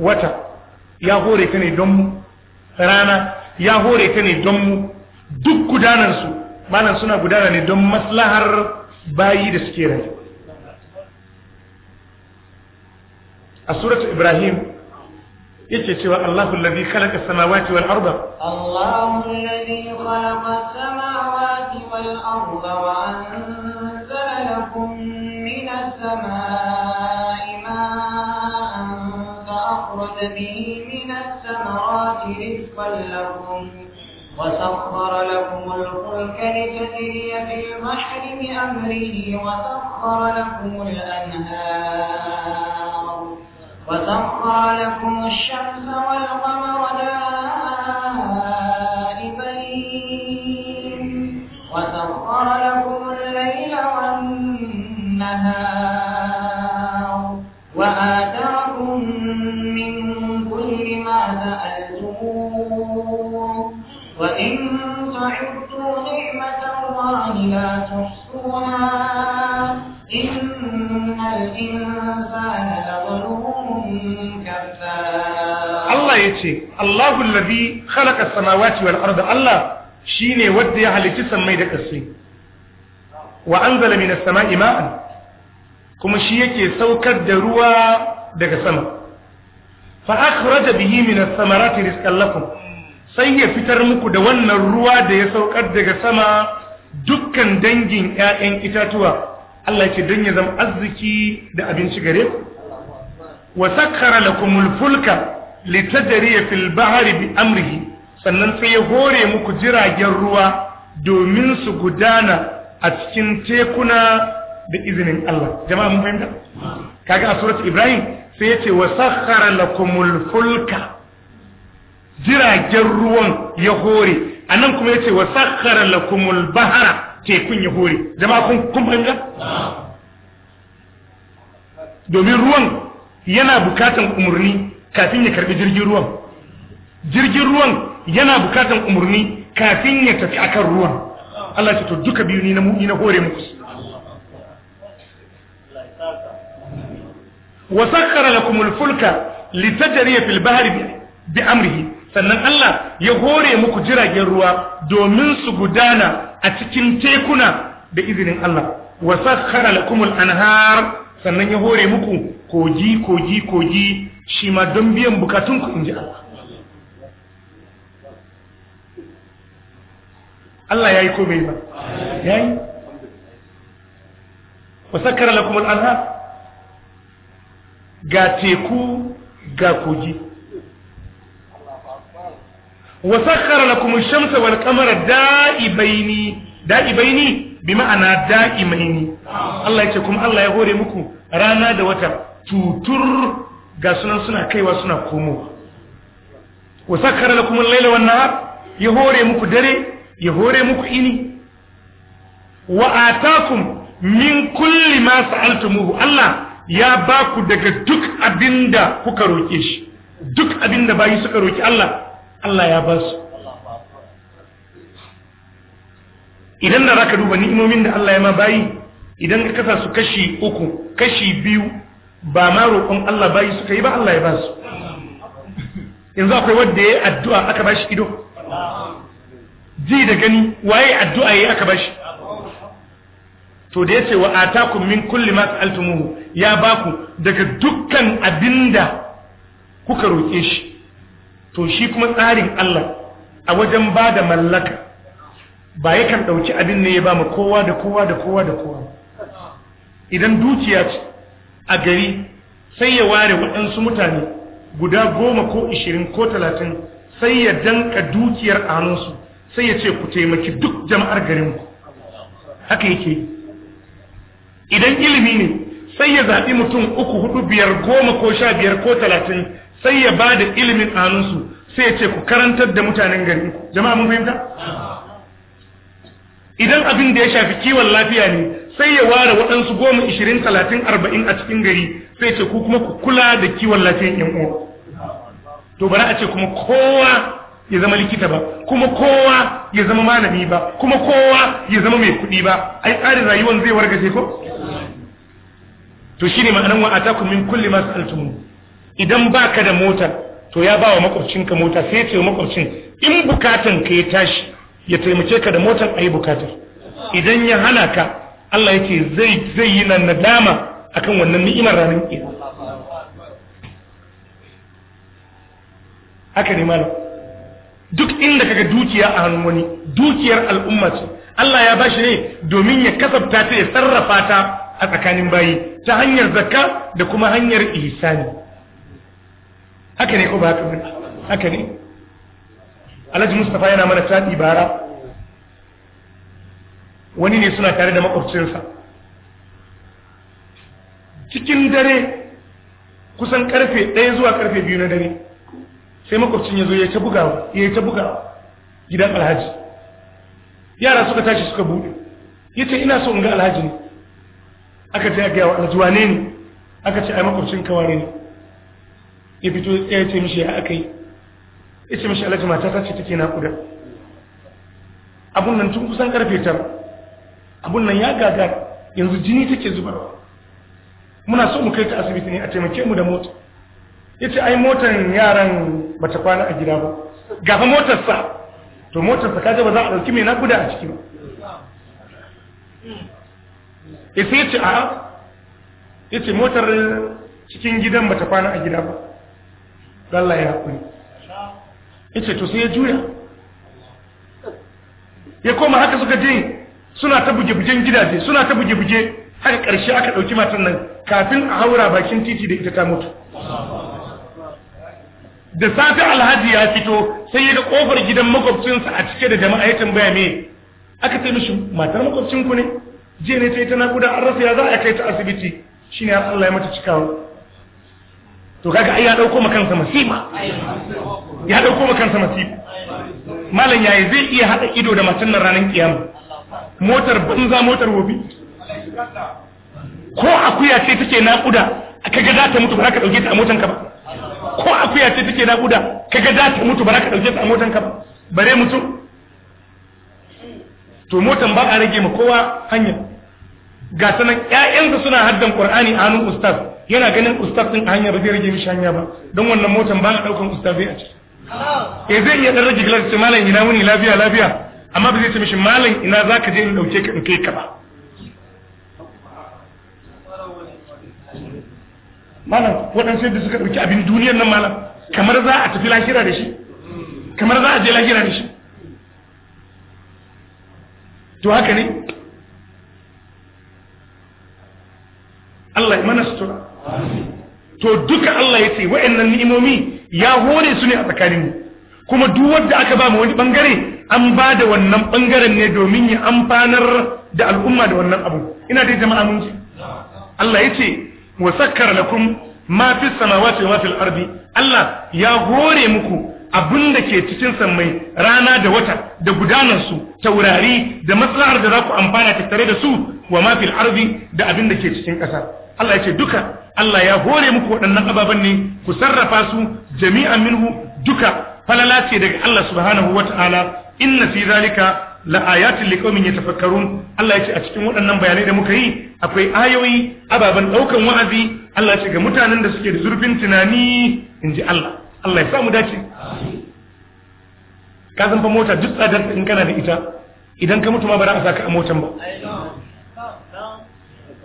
wata ya hore ka ne don mu rana ya hore ka ne don mu duk su. malam suna gudana ne don maslahar bayi da suke rai a suratu ibrahim yake cewa Allahu alladhi khalaqa samawati wal arda Allahu alladhi khalaqa samawati wal arda wa anzala lakum minas samai ma'an fa akhraja bihi minas samarati rizqan lakum وسخر لكم الفلك لتجري في البحر بأمره وسخر لكم الأنهار وسخر لكم الشمس والقمر دائما Allahu allazi khalaqa as-samawati wal Allah shine wadda ya halicci sammai da ƙasai wa anzala minas sama'i ma'an kuma shi yake saukar da ruwa daga sama fa akhraja bihi minas samarati rizqan lakum sai ya fitar muku da wannan ruwa da ya saukar daga sama dukkan dangin ƴaƴan itatuwa Allah ce don ya zama arziki da abinci gare ku wa sakhara lakumul fulka litajriya fil bahri bi amrihi sannan sai ya hore muku jiragen ruwa domin su gudana a cikin tekuna da izinin Allah jama'a mun fahimta kaga a suratul ibrahim sai yace wa sakhkhara lakumul fulka jiragen ruwan ya hore anan kuma yace wa sakhkhara lakumul bahara tekun ya hore jama'a kun kun fahimta domin ruwan yana bukatan umarni kafin ya karbi jirgin ruwan jirgin ruwan yana bukatan umarni kafin ya tafi akan ruwan Allah ya ce to duka biyu ni na mu na hore muku wa sakhkhara lakum al-fulka litajriya fil bahri bi amrihi sannan Allah ya hore muku jiragen ruwa domin su gudana a cikin tekuna da izinin Allah wa sakhkhara lakum al-anhar sannan ya hore muku koji koji koji shi ma don biyan bukatunku in ji Allah Allah ya yi ko ba ya yi wasakkar lakumul anhar ga teku ga kogi wasakkar lakumul shamsa wal kamara bai ni bi ma'ana ni. Allah ya ce kuma Allah ya hore muku rana da wata tutur ga sunan suna kaiwa suna komowa wa sakkara lakum al-laila wan nahar ya hore muku dare ya hore muku ini wa ataakum min kulli ma sa'altumuhu Allah ya baku daga duk abinda kuka roke shi duk abinda bayi suka roki Allah Allah ya ba su idan da zaka duba ni'imomin da Allah ya ma bayi idan ka kasa su kashi uku kashi biyu ba ma roƙon Allah bayi suka yi ba Allah ya ba su yanzu akwai wanda ya yi addu'a aka ba ido ji da gani waye addu'a ya aka ba to da ya ce wa atakum min kulli ma sa'altumuhu ya baku daga dukkan abinda kuka roƙe shi to shi kuma tsarin Allah a wajen ba da mallaka ba yakan ɗauki abin ne ya ba mu kowa da kowa da kowa da kowa idan dukiya ce a gari sai ya ware waɗansu mutane guda goma ko ishirin ko talatin sai ya danka dukiyar anunsu sai ya ce ku taimaki duk jama'ar garinku haka yake idan ilimi ne sai ya zaɓi mutum uku hudu biyar goma ko sha biyar ko talatin sai ya ba da ilimin anunsu sai ya ce ku karantar da mutanen garinku jama'a mun fahimta idan abin da ya shafi kiwon lafiya ne sai ya ware waɗansu goma ishirin talatin arba'in a cikin gari sai ce ku kuma ku kula da kiwon lafiyan yan uwa to bari a ce kuma kowa ya zama likita ba kuma kowa ya zama malami ba kuma kowa ya zama mai kuɗi ba ai tsarin rayuwar zai wargaje ko to shine ma'anar wa ataku min kulli ma sa'altum idan baka da mota to ya bawa makwabcinka mota sai ya ce makwabcin in bukatan ka ya tashi ya taimake ka da motan ayi bukatar idan ya hana ka Allah ya ce zai zai yi nan nadama akan wannan ni'imar ranar kiyama haka ne malam duk inda kaga dukiya a hannun wani dukiyar al'umma ce Allah ya bashi ne domin ya kasafta ta ya sarrafa ta a tsakanin bayi ta hanyar zakka da kuma hanyar ihsani haka ne ko ba haka ne haka ne Alhaji Mustapha yana mana ta ibara wani ne suna tare da makwabcinsa cikin dare kusan karfe ɗaya zuwa karfe biyu na dare sai makwabcin ya zo ya ta bugawa ya ta bugawa gidan alhaji yara suka tashi suka buɗe ya ce ina so in ga alhaji ne aka a gaya wa alhaji wane ne aka ce ai makwabcin kaware ne ya fito ya ce mishi ya aka yi ya ce mishi alhaji mata ta ce take naƙuda abun nan tun kusan karfe tara abun nan ya gagar yanzu jini take zubarwa muna so mu kai ta asibiti ne a taimake mu da mota yace ai motar yaran bata kwana a gida ba gafa motar sa to motar sa kaje ba za a dauki mai guda a ciki ba ya ce a yace motar cikin gidan bata kwana a gida ba Allah ya Ya yace to sai ya juya ya koma haka suka je suna ta buge-bugen gidaje suna ta buge-buge har ƙarshe aka ɗauki matan nan kafin a haura bakin titi da ita ta mutu da safe alhaji ya fito sai ya ga ƙofar gidan makwabcinsa a cike da jama'a ya tambaya me aka ce mishi matar ku ne jiya ne ta yi ta nakuda an rasa ya za a kai ta asibiti shine har Allah ya mata cikawa to kaga ai ya dauko kansa masifa ya dauko kansa masifa malam yayi zai iya hada ido da matan nan ranar kiyama motar banza motar wobi ko akuya ce take naƙuda kaga za ta mutu ba za ka ɗauke ta a motanka ba ko akuya ce take naƙuda kaga za ta mutu ba za ka ɗauke ta a motanka ba bare mutum to motan ba a rage ma kowa hanya ga sanan ƴaƴansa suna haddan Qur'ani a hannun ustaz yana ganin ustaz din hanya ba zai rage mishi hanya ba don wannan motan ba a daukan ustaz a ciki eh zai iya dan rage glass malam ina muni lafiya lafiya amma ba zai ce mishi malam ina za ka je in ɗauke ka in kai ka ba malam waɗansu yadda suka ɗauki abin duniyar nan malam kamar za a tafi lahira da shi kamar za a je lahira da shi to haka ne Allah ya mana sutura to duka Allah ya ce wa'annan ni'imomi ya hore su ne a tsakaninmu kuma duk wanda aka ba mu wani bangare an ba da wannan bangaren ne domin ya amfanar da al'umma da wannan abu ina da jama'a mun ji Allah yace wa sakkara lakum ma fi samawati wa fil ardi Allah ya hore muku abinda ke cikin sammai rana da wata da gudanar su taurari da maslahar da za ku amfana tattare da su wa ma fil ardi da abinda ke cikin ƙasa Allah yace duka Allah ya hore muku waɗannan ababen ne ku sarrafa su jami'an minhu duka falala ce daga Allah subhanahu wata'ala inna fi zalika la ayatin liqaumin yatafakkarun Allah ya ce a cikin waɗannan bayanai da muka yi akwai ayoyi ababan daukan wa'azi Allah ya ce ga mutanen da suke da zurfin tunani inji Allah Allah ya sa mu dace ka san fa mota duk tsadar in kana da ita idan ka mutu ma ba za a saka a motan ba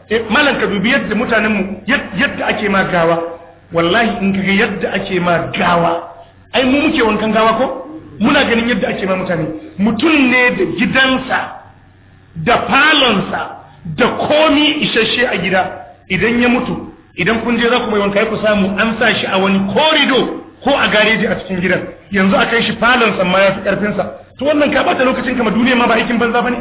eh, Mallan ka dubi yadda mutanen mu yadda ake ma gawa wallahi in ga yadda ake ma gawa ai mu muke wankan gawa ko muna ganin yadda ake ma mutane mutum ne da gidansa da falonsa da komi isasshe a gida idan ya mutu idan kun je za ku mai wanka ku samu an sa shi a wani korido ko a gareji a cikin gidan yanzu a kai shi falonsa ma ya fi ƙarfinsa to wannan ka bata lokacin kama duniya ma ba aikin banza ba ne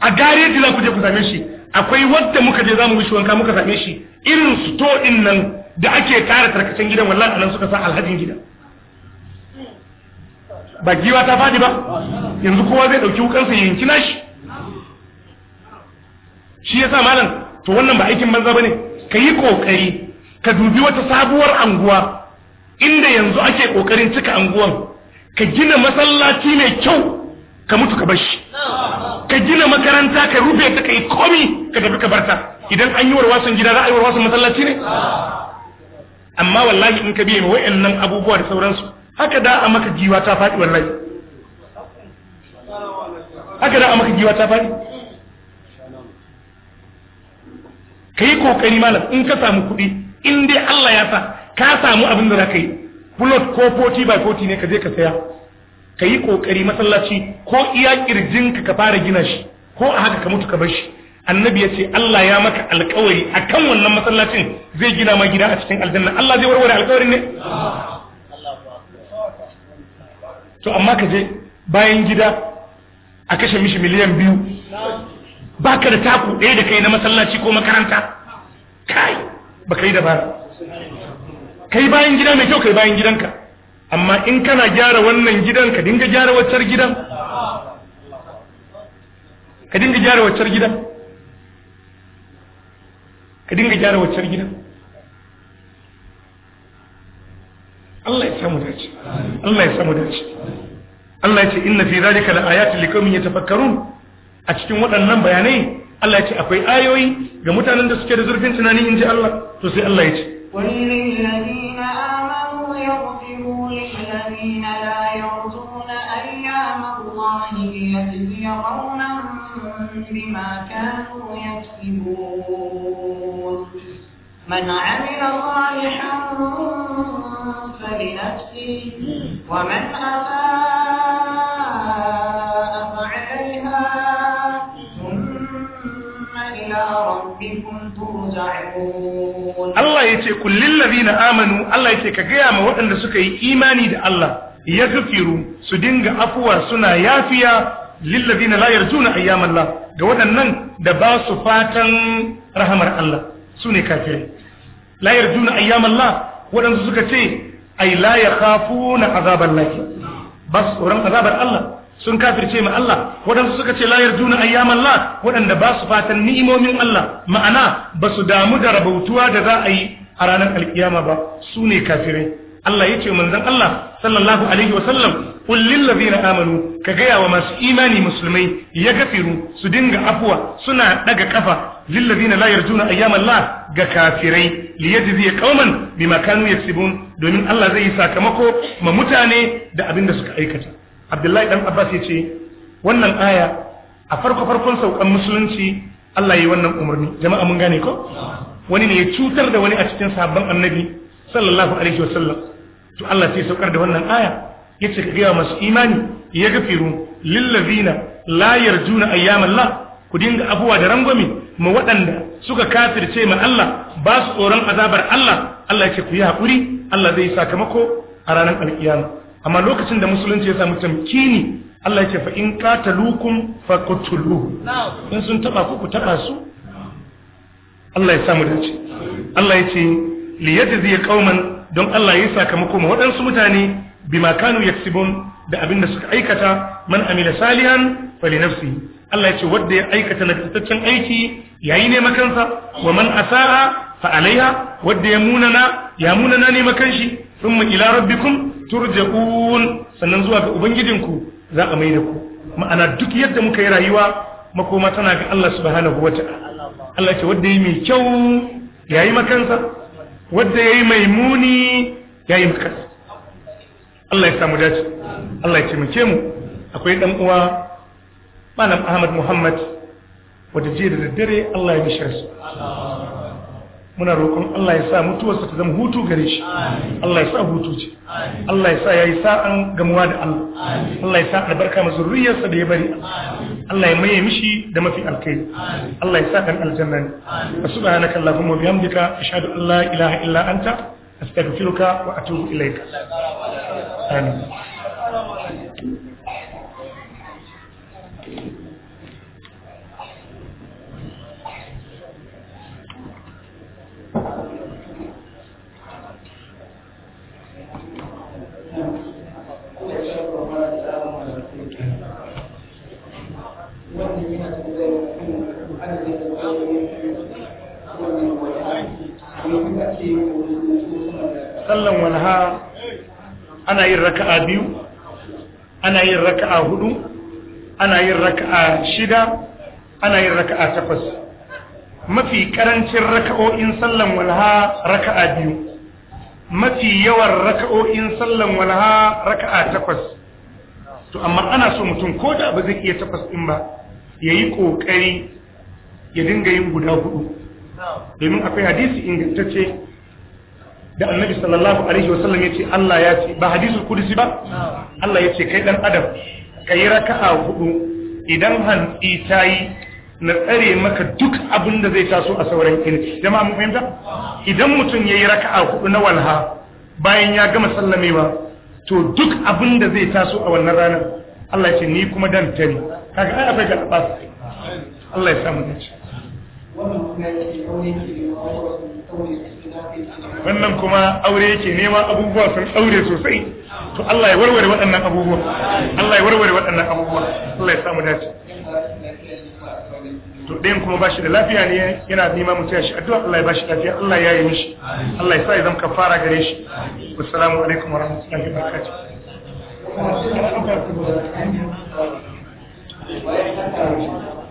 a gareji za ku je ku same shi akwai wadda muka je za mu mishi wanka muka same shi irin su to nan da ake tara tarkacen gidan wallahi nan suka sa alhajin gidan ba giwa ta fadi ba yanzu kowa zai dauki wukansa ya yanki nashi shi yasa malam to wannan ba aikin banza bane ka yi kokari ka dubi wata sabuwar anguwa inda yanzu ake kokarin cika anguwan ka gina masallaci mai kyau ka mutu ka bashi ka gina makaranta ka rufe ta ka yi komi ka tafi ka barta idan an yi warwasan gida za a yi warwasan masallaci ne amma wallahi in ka biye ma wayannan abubuwa da sauransu haka da a maka jiwa ta faɗi wallahi haka da a maka jiwa ta faɗi ka yi kokari malam in ka samu kuɗi in dai Allah ya sa ka samu abin da za ka yi plot ko 40 by 40 ne ka je ka saya ka yi kokari masallaci ko iya kirjinka ka fara gina shi ko a haka ka mutu ka bar shi annabi ya ce Allah ya maka alkawari akan wannan masallacin zai gina ma gida a cikin aljanna Allah zai warware alƙawarin ne to amma ka je bayan gida a kashe mishi miliyan biyu baka da taku ɗaya da kai na masallaci ko makaranta kai ba ka yi dabara kai bayan gida mai kyau kai bayan gidanka amma in kana gyara wannan gidan ka dinga gyara waccar gidan ka dinga gyara waccar gidan ka dinga gyara waccar gidan Allah ya samu dace Allah ya samu dace Allah ya ce inna fi zalika laayatin liqaumin yatafakkarun a cikin waɗannan bayanai Allah ya ce akwai ayoyi ga mutanen da suke da zurfin tunani inji Allah to sai Allah ya ce walil ladina amanu yaghfiru lil ladina la yarjuna ayyama Allah liyajziya qawman bima kanu yaksibun man 'amila salihan فلنفسه ومن أساء فعليها ثم إلى ربكم ترجعون الله يتي كل الذين آمنوا الله يتي كقيامة وأن سكي إيماني دا الله yaghfiru su dinga afuwa suna yafiya lillazina la yarjuna ayyamallah ga waɗannan da ba su fatan rahamar Allah sune kafirai la yarjuna ayyamallah waɗansu suka ce ay la yakhafuna azaban lahi bas tsoron azabar Allah sun kafirce ma Allah waɗansu suka ce la yarjuna ayyaman la waɗanda ba su fatan ni'imomin Allah ma'ana ba su damu da rabautuwa da za a yi a ranar alkiyama ba su ne kafirai Allah ya ce manzon Allah sallallahu alaihi wa sallam qul lil ladina amanu ka gaya wa masu imani musulmai ya gafiru su dinga afuwa suna daga kafa lilladina la yarjuna ayyaman la ga kafirai liyajzi qauman bima kanu yaksubun domin Allah zai yi sakamako ma mutane da abin da suka aikata Abdullahi dan Abbas yace wannan aya a farko farkon saukan musulunci Allah yi wannan umarni jama'a mun gane ko wani ne ya cutar da wani a cikin sahabban annabi sallallahu alaihi wasallam to Allah sai saukar da wannan aya ya ce ka ga masu imani ya gafiru lillazina la yarjuna ayyaman la ku dinga afuwa da rangwami ma waɗanda suka kafirce ma Allah ba su tsoron azabar Allah Allah ya ce ku yi haƙuri, Allah zai sakamako a ranar alkiyama amma lokacin da musulunci ya samu tamkini Allah ya ce fa in qataluukum faqtuluhu in sun taɓa ku ku taɓa su Allah ya samu dace Allah ya ce li yajzi qauman don Allah ya sakamako ma waɗansu mutane bima kanu yaksibun da abin da suka aikata man amila salihan fali nafsihi Allah ya ce wanda ya aikata nagartaccen aiki yayi ne makansa wa man asaa fa alaiha wanda ya munana ya munana ne makanshi thumma ila rabbikum turja'un sannan zuwa ga ubangijinku za a mai da ku ma'ana duk yadda muka yi rayuwa makoma tana ga Allah subhanahu wata'ala Allah ya ce wanda yayi mai kyau yayi makansa wanda yayi mai muni yayi makansa Allah ya samu dace Allah ya ce mu ke mu akwai dan uwa malam ahmad muhammad wadda jiya da daddare allah ya bishar su muna roƙon allah ya sa mutuwarsa ta zama hutu gare shi allah ya sa hutu ce allah ya sa ya yi sa'an gamuwa da allah allah ya sa albarka ma zurriyarsa da ya bari allah ya maye mishi da mafi alkai allah ya sa kan aljanna ne wa subhanaka allahumma wa bihamdika ashhadu an la ilaha illa anta astaghfiruka wa atubu ilaika amin adha ana yin raka'a biyu ana yin raka'a hudu ana yin raka'a shida ana yin raka'a takwas mafi karancin raka'o'in sallan walha raka'a biyu mafi yawan raka'o'in sallan walha raka'a takwas to amma ana so mutum ko da ba zai iya takwas din ba yayi kokari ya dinga yin guda hudu domin akwai hadisi ingantacce da annabi sallallahu alaihi wasallam ya ce Allah ya ce ba hadisul kudusi ba Allah ya ce kai dan adam kai raka'a hudu idan hantsi ta yi na tsare maka duk abin da zai taso a sauran kini jama'a mun fahimta idan mutum yayi raka'a hudu na walha bayan ya gama sallamewa to duk abin da zai taso a wannan ranar Allah ya ce ni kuma dan tani kaga ai abai ga Allah ya samu dace wannan kuma aure yake nema abubuwa sun aure sosai to Allah ya warware waɗannan abubuwa Allah ya warware waɗannan abubuwa Allah ya samu dace to ɗayan kuma bashi da lafiya ne yana nema mu taya shi addu'a Allah ya bashi lafiya Allah ya yi mishi Allah ya sa ya zama kafara gare shi assalamu alaikum wa rahmatullahi wa barakatuh